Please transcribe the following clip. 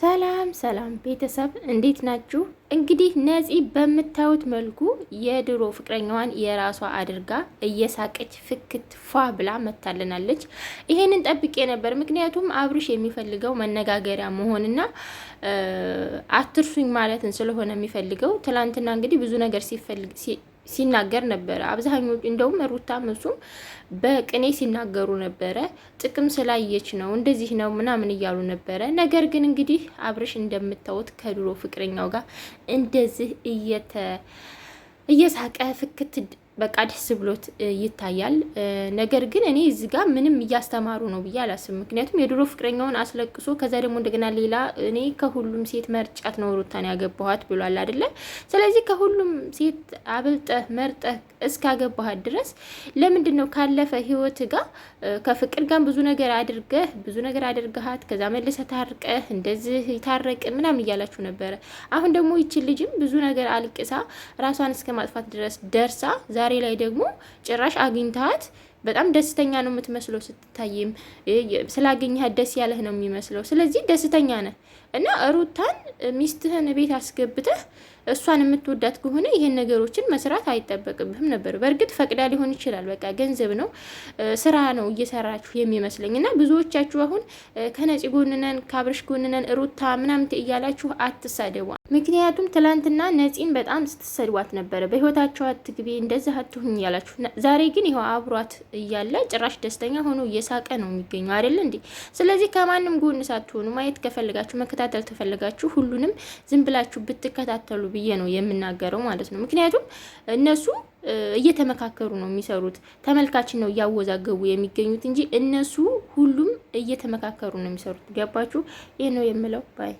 ሰላም ሰላም ቤተሰብ እንዴት ናችሁ? እንግዲህ ነፂ በምታዩት መልኩ የድሮ ፍቅረኛዋን የራሷ አድርጋ እየሳቀች ፍክት ፏ ብላ መታለናለች። ይሄንን ጠብቄ ነበር። ምክንያቱም አብርሽ የሚፈልገው መነጋገሪያ መሆንና አትርሱኝ ማለትን ስለሆነ የሚፈልገው ትላንትና እንግዲህ ብዙ ነገር ሲፈልግ ሲናገር ነበረ። አብዛኞቹ እንደውም ሩታም እሱም በቅኔ ሲናገሩ ነበረ። ጥቅም ስላየች ነው እንደዚህ ነው ምናምን እያሉ ነበረ። ነገር ግን እንግዲህ አብርሽ እንደምታዩት ከድሮ ፍቅረኛው ጋር እንደዚህ እየተ እየሳቀ ፍክት በቃ ደስ ብሎት ይታያል። ነገር ግን እኔ እዚህ ጋር ምንም እያስተማሩ ነው ብዬ አላስብ። ምክንያቱም የድሮ ፍቅረኛውን አስለቅሶ ከዛ ደግሞ እንደገና ሌላ እኔ ከሁሉም ሴት መርጫት ነው ሩታን ያገባኋት ብሏል አይደለ? ስለዚህ ከሁሉም ሴት አብልጠህ መርጠህ እስካገባሃት ድረስ ለምንድን ነው ካለፈ ህይወት ጋር ከፍቅር ጋር ብዙ ነገር አድርገህ ብዙ ነገር አድርገሃት ከዛ መልሰ ታርቀህ እንደዚህ ይታረቅ ምናምን እያላችሁ ነበረ። አሁን ደግሞ ይችን ልጅም ብዙ ነገር አልቅሳ ራሷን እስከ ማጥፋት ድረስ ደርሳ ዛሬ ላይ ደግሞ ጭራሽ አግኝታት በጣም ደስተኛ ነው የምትመስለው ስትታይም፣ ስላገኘህ ደስ ያለህ ነው የሚመስለው። ስለዚህ ደስተኛ ነህ እና ሩታን ሚስትህን ቤት አስገብተህ እሷን የምትወዳት ከሆነ ይህን ነገሮችን መስራት አይጠበቅብህም ነበር። በእርግጥ ፈቅዳ ሊሆን ይችላል። በቃ ገንዘብ ነው ስራ ነው እየሰራችሁ የሚመስለኝ እና ብዙዎቻችሁ አሁን ከነጭ ጎንነን ካብርሽ ጎንነን ሩታ ምናምንት እያላችሁ አትሳደቡ። ምክንያቱም ትላንትና ነፂን በጣም ስትሰድዋት ነበረ። በህይወታቸው አትግቢ እንደዚህ አትሁኝ እያላችሁ ዛሬ ግን ይኸው አብሯት እያለ ጭራሽ ደስተኛ ሆኖ እየሳቀ ነው የሚገኘው አይደል እንዴ? ስለዚህ ከማንም ጎን ሳትሆኑ ማየት ከፈልጋችሁ መከታተል ከፈልጋችሁ ሁሉንም ዝም ብላችሁ ብትከታተሉ ብዬ ነው የምናገረው ማለት ነው። ምክንያቱም እነሱ እየተመካከሩ ነው የሚሰሩት። ተመልካችን ነው እያወዛገቡ የሚገኙት እንጂ እነሱ ሁሉም እየተመካከሩ ነው የሚሰሩት። ገባችሁ? ይህ ነው የምለው ባይ